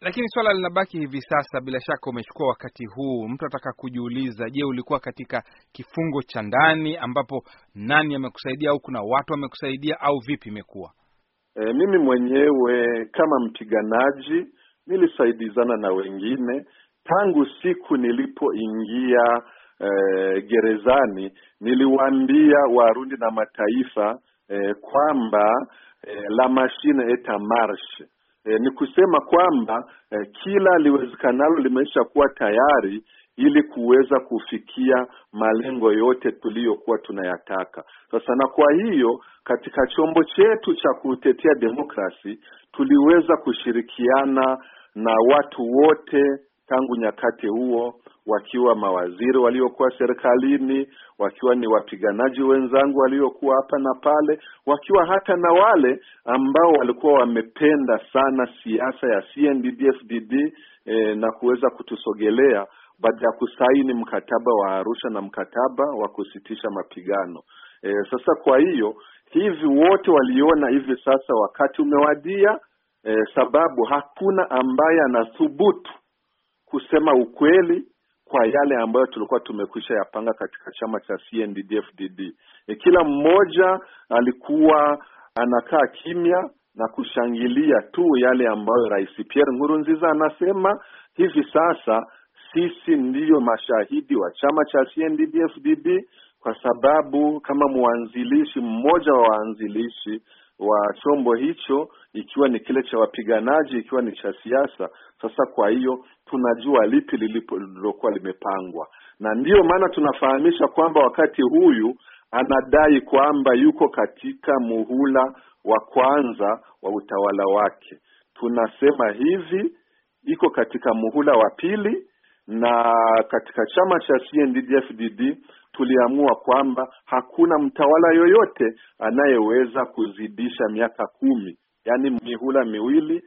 Lakini swala linabaki hivi sasa, bila shaka umechukua wakati huu, mtu ataka kujiuliza, je, ulikuwa katika kifungo cha ndani ambapo nani amekusaidia au kuna watu wamekusaidia au vipi imekuwa? E, mimi mwenyewe kama mpiganaji nilisaidizana na wengine tangu siku nilipoingia e, gerezani. Niliwaambia Warundi na mataifa e, kwamba e, la machine eta marche e, ni kusema kwamba e, kila liwezekanalo limeisha kuwa tayari ili kuweza kufikia malengo yote tuliyokuwa tunayataka sasa. Na kwa hiyo katika chombo chetu cha kutetea demokrasi tuliweza kushirikiana na watu wote tangu nyakati huo wakiwa mawaziri waliokuwa serikalini, wakiwa ni wapiganaji wenzangu waliokuwa hapa na pale, wakiwa hata na wale ambao walikuwa wamependa sana siasa ya CNDD-FDD eh, na kuweza kutusogelea baada ya kusaini mkataba wa Arusha na mkataba wa kusitisha mapigano. E, sasa kwa hiyo hivi wote waliona hivi sasa wakati umewadia, e, sababu hakuna ambaye anathubutu kusema ukweli kwa yale ambayo tulikuwa tumekwisha yapanga katika chama cha CNDD-FDD. E, kila mmoja alikuwa anakaa kimya na kushangilia tu yale ambayo Rais Pierre Nkurunziza anasema. Hivi sasa sisi ndiyo mashahidi wa chama cha CNDD-FDD kwa sababu kama mwanzilishi mmoja wa waanzilishi wa chombo hicho, ikiwa ni kile cha wapiganaji, ikiwa ni cha siasa. Sasa kwa hiyo tunajua lipi lilipo lililokuwa limepangwa, na ndiyo maana tunafahamisha kwamba wakati huyu anadai kwamba yuko katika muhula wa kwanza wa utawala wake, tunasema hivi, iko katika muhula wa pili na katika chama cha cnddfdd tuliamua kwamba hakuna mtawala yoyote anayeweza kuzidisha miaka kumi, yaani mihula miwili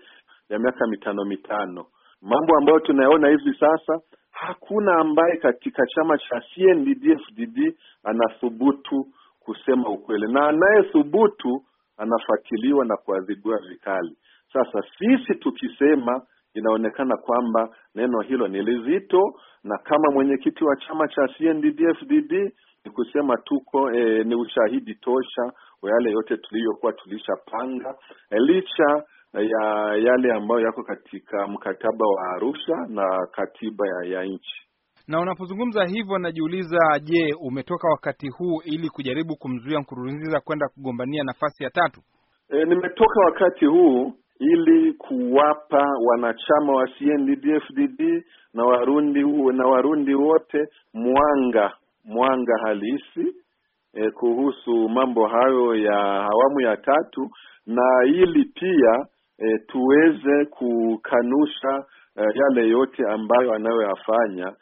ya miaka mitano mitano. Mambo ambayo tunayaona hivi sasa, hakuna ambaye katika chama cha CNDD-FDD anathubutu kusema ukweli, na anayethubutu anafuatiliwa na kuadhibiwa vikali. Sasa sisi tukisema inaonekana kwamba neno hilo ni lizito, na kama mwenyekiti wa chama cha CNDD-FDD ni kusema tuko e, ni ushahidi tosha wa yale yote tuliyokuwa tulishapanga e, licha ya yale ambayo yako katika mkataba wa Arusha na katiba ya, ya nchi. Na unapozungumza hivyo, najiuliza, je, umetoka wakati huu ili kujaribu kumzuia Nkurunziza kwenda kugombania nafasi ya tatu? E, nimetoka wakati huu ili kuwapa wanachama wa CNDD-FDD na Warundi na Warundi wote mwanga mwanga halisi e, kuhusu mambo hayo ya awamu ya tatu na ili pia e, tuweze kukanusha e, yale yote ambayo anayoyafanya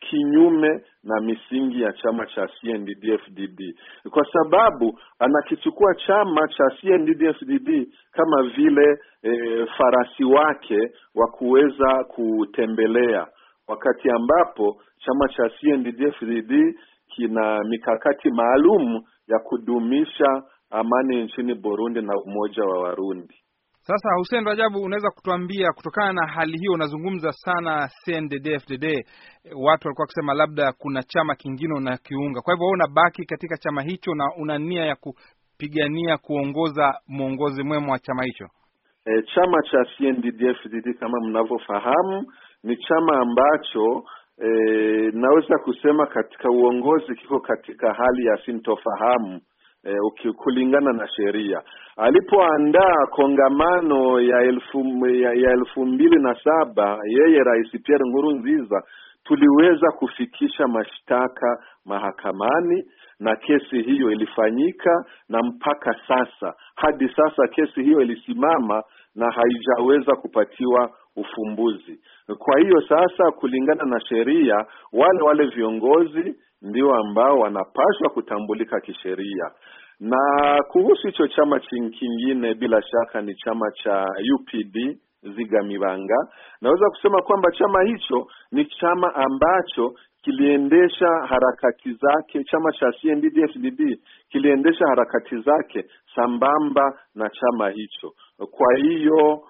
kinyume na misingi ya chama cha CNDD-FDD kwa sababu anakichukua chama cha CNDD-FDD kama vile e, farasi wake wa kuweza kutembelea, wakati ambapo chama cha CNDD-FDD kina mikakati maalum ya kudumisha amani nchini Burundi na umoja wa Warundi. Sasa Hussein Rajabu, unaweza kutuambia kutokana na hali hiyo, unazungumza sana CNDD-FDD, watu walikuwa wakisema labda kuna chama kingine unakiunga, kwa hivyo wewe unabaki katika chama hicho na una nia ya kupigania kuongoza mwongozi mwema wa chama hicho? E, chama cha CNDD-FDD kama mnavyofahamu ni chama ambacho e, naweza kusema katika uongozi kiko katika hali ya sintofahamu E, kulingana na sheria alipoandaa kongamano ya elfu ya, ya elfu mbili na saba yeye Rais Pierre Nkurunziza, tuliweza kufikisha mashtaka mahakamani na kesi hiyo ilifanyika, na mpaka sasa hadi sasa kesi hiyo ilisimama na haijaweza kupatiwa ufumbuzi. Kwa hiyo sasa, kulingana na sheria, wale wale viongozi ndio ambao wanapaswa kutambulika kisheria. Na kuhusu hicho chama kingine, bila shaka ni chama cha UPD Zigamibanga, naweza kusema kwamba chama hicho ni chama ambacho kiliendesha harakati zake, chama cha CNDD-FDD kiliendesha harakati zake sambamba na chama hicho. Kwa hiyo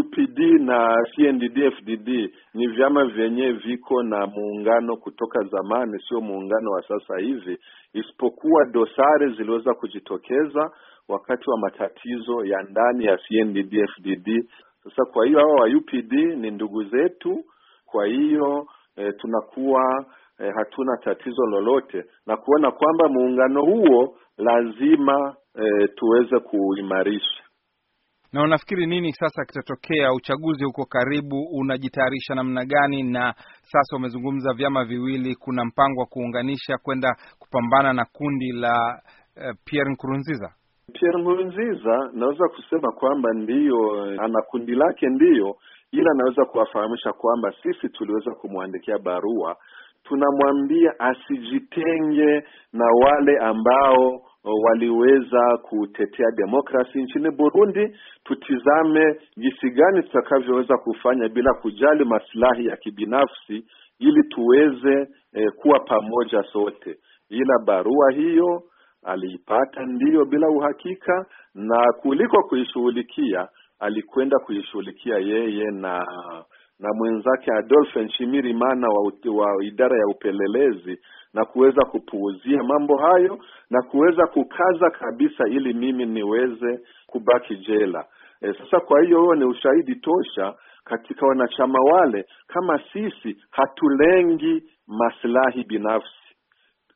UPD na CNDD-FDD ni vyama vyenye viko na muungano kutoka zamani, sio muungano wa sasa hivi, isipokuwa dosari ziliweza kujitokeza wakati wa matatizo ya ndani ya CNDD-FDD. Sasa kwa hiyo hawa wa UPD ni ndugu zetu, kwa hiyo e, tunakuwa e, hatuna tatizo lolote na kuona kwamba muungano huo lazima e, tuweze kuimarisha. Na unafikiri nini sasa kitatokea? Uchaguzi huko karibu, unajitayarisha namna gani? Na sasa umezungumza vyama viwili, kuna mpango wa kuunganisha kwenda kupambana na kundi la uh, Pierre Nkurunziza. Pierre Nkurunziza naweza kusema kwamba ndiyo ana kundi lake, ndiyo, ila naweza kuwafahamisha kwamba sisi tuliweza kumwandikia barua, tunamwambia asijitenge na wale ambao waliweza kutetea demokrasi nchini Burundi. Tutizame jinsi gani tutakavyoweza kufanya bila kujali masilahi ya kibinafsi, ili tuweze eh, kuwa pamoja sote. Ila barua hiyo aliipata ndiyo bila uhakika, na kuliko kuishughulikia alikwenda kuishughulikia yeye na na mwenzake Adolphe Nshimirimana wa, wa idara ya upelelezi na kuweza kupuuzia mambo hayo na kuweza kukaza kabisa ili mimi niweze kubaki jela. E, sasa kwa hiyo huo ni ushahidi tosha katika wanachama wale, kama sisi hatulengi maslahi binafsi.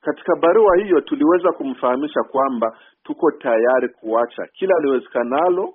Katika barua hiyo tuliweza kumfahamisha kwamba tuko tayari kuacha kila liwezekanalo,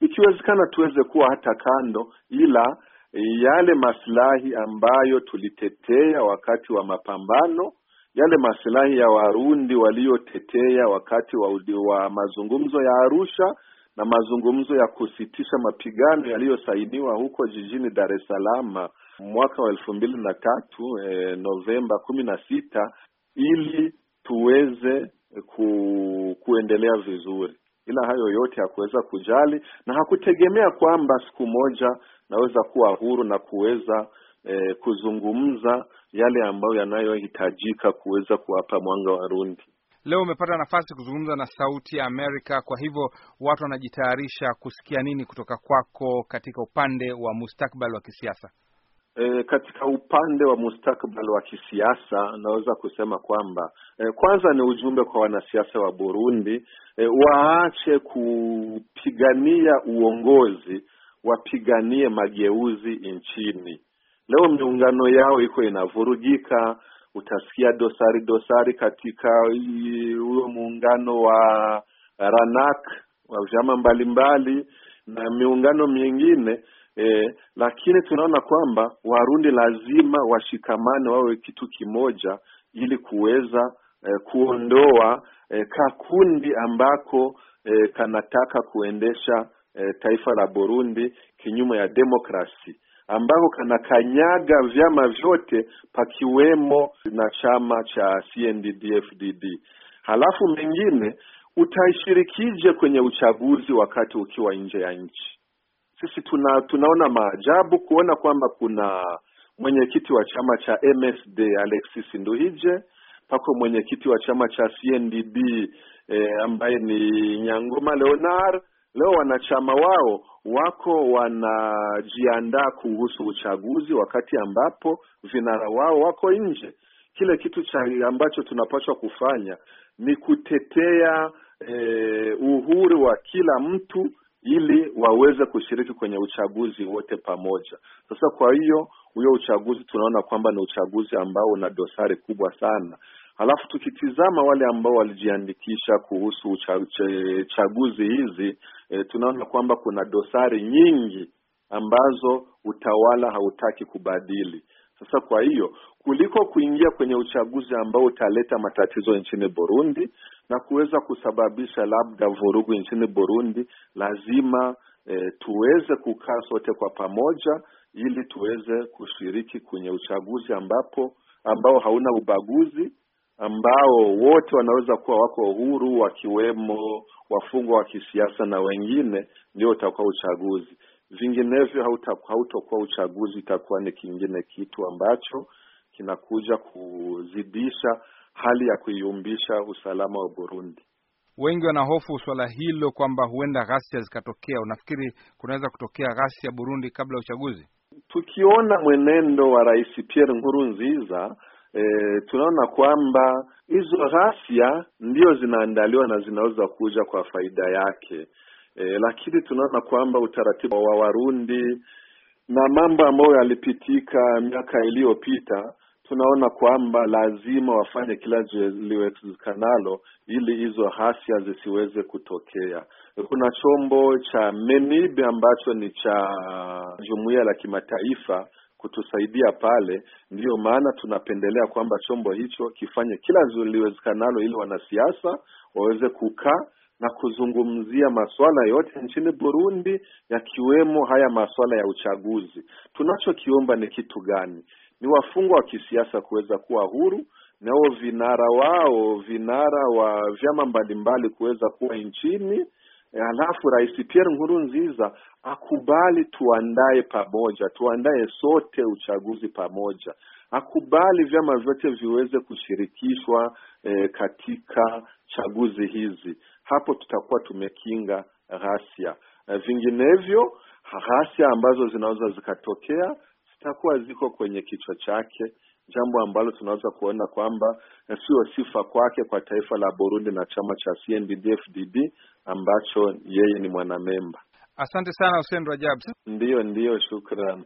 ikiwezekana tuweze kuwa hata kando, ila yale maslahi ambayo tulitetea wakati wa mapambano, yale maslahi ya Warundi waliotetea wakati wa, wa mazungumzo ya Arusha na mazungumzo ya kusitisha mapigano yaliyosainiwa huko jijini Dar es Salaam mwaka wa elfu mbili na tatu e, Novemba kumi na sita ili tuweze ku, kuendelea vizuri ila hayo yote hakuweza kujali na hakutegemea kwamba siku moja naweza kuwa huru na kuweza eh, kuzungumza yale ambayo yanayohitajika kuweza kuwapa mwanga wa rundi Leo umepata nafasi kuzungumza na Sauti ya Amerika, kwa hivyo watu wanajitayarisha kusikia nini kutoka kwako katika upande wa mustakbali wa kisiasa? E, katika upande wa mustakabali wa kisiasa naweza kusema kwamba e, kwanza ni ujumbe kwa wanasiasa wa Burundi e, waache kupigania uongozi, wapiganie mageuzi nchini. Leo miungano yao iko inavurugika, utasikia dosari dosari katika huyo muungano wa Ranak wa vyama mbalimbali na miungano mingine e, lakini tunaona kwamba Warundi lazima washikamane wawe kitu kimoja ili kuweza e, kuondoa e, kakundi ambako e, kanataka kuendesha e, taifa la Burundi kinyume ya demokrasi ambako kanakanyaga vyama vyote pakiwemo na chama cha CNDD-FDD. Halafu mengine utaishirikije kwenye uchaguzi wakati ukiwa nje ya nchi? sisi tuna, tunaona maajabu kuona kwamba kuna mwenyekiti wa chama cha MSD Alexis Nduhije, pako mwenyekiti wa chama cha CNDB e, eh, ambaye ni Nyangoma Leonard. Leo wanachama wao wako wanajiandaa kuhusu uchaguzi, wakati ambapo vinara wao wako nje. Kile kitu cha ambacho tunapaswa kufanya ni kutetea e, uhuru wa kila mtu ili waweze kushiriki kwenye uchaguzi wote pamoja. Sasa kwa hiyo huyo uchaguzi tunaona kwamba ni uchaguzi ambao una dosari kubwa sana. Halafu tukitizama wale ambao walijiandikisha kuhusu ucha, ch, chaguzi hizi e, tunaona kwamba kuna dosari nyingi ambazo utawala hautaki kubadili. Sasa kwa hiyo kuliko kuingia kwenye uchaguzi ambao utaleta matatizo nchini Burundi na kuweza kusababisha labda vurugu nchini Burundi, lazima e, tuweze kukaa sote kwa pamoja ili tuweze kushiriki kwenye uchaguzi ambapo ambao hauna ubaguzi, ambao wote wanaweza kuwa wako huru, wakiwemo wafungwa wa kisiasa na wengine, ndio utakuwa uchaguzi vinginevyo hautokuwa uchaguzi, itakuwa ni kingine kitu ambacho kinakuja kuzidisha hali ya kuiumbisha usalama wa Burundi. Wengi wanahofu swala hilo kwamba huenda ghasia zikatokea. Unafikiri kunaweza kutokea ghasia Burundi kabla ya uchaguzi? Tukiona mwenendo wa Rais Pierre Nkurunziza, e, tunaona kwamba hizo ghasia ndio zinaandaliwa na zinaweza kuja kwa faida yake e, lakini tunaona kwamba utaratibu wa Warundi na mambo ambayo yalipitika miaka iliyopita tunaona kwamba lazima wafanye kila liwezekanalo ili hizo hasia zisiweze kutokea. Kuna chombo cha MENIB ambacho ni cha jumuiya la kimataifa kutusaidia pale. Ndiyo maana tunapendelea kwamba chombo hicho kifanye kila liwezekanalo ili wanasiasa waweze kukaa na kuzungumzia masuala yote nchini Burundi yakiwemo haya masuala ya uchaguzi. Tunachokiomba ni kitu gani? Ni wafungwa wa kisiasa kuweza kuwa huru nao vinara wao vinara wa vyama mbalimbali kuweza kuwa nchini. Halafu Rais Pierre Nkurunziza akubali tuandae pamoja, tuandae sote uchaguzi pamoja, akubali vyama vyote viweze kushirikishwa e, katika chaguzi hizi hapo tutakuwa tumekinga ghasia. Vinginevyo ghasia ambazo zinaweza zikatokea zitakuwa ziko kwenye kichwa chake, jambo ambalo tunaweza kuona kwamba eh, sio sifa kwake kwa taifa la Burundi na chama cha CNDD-FDD ambacho yeye ni mwanamemba. Asante sana Hussein Rajab. Ndiyo, ndiyo, shukran.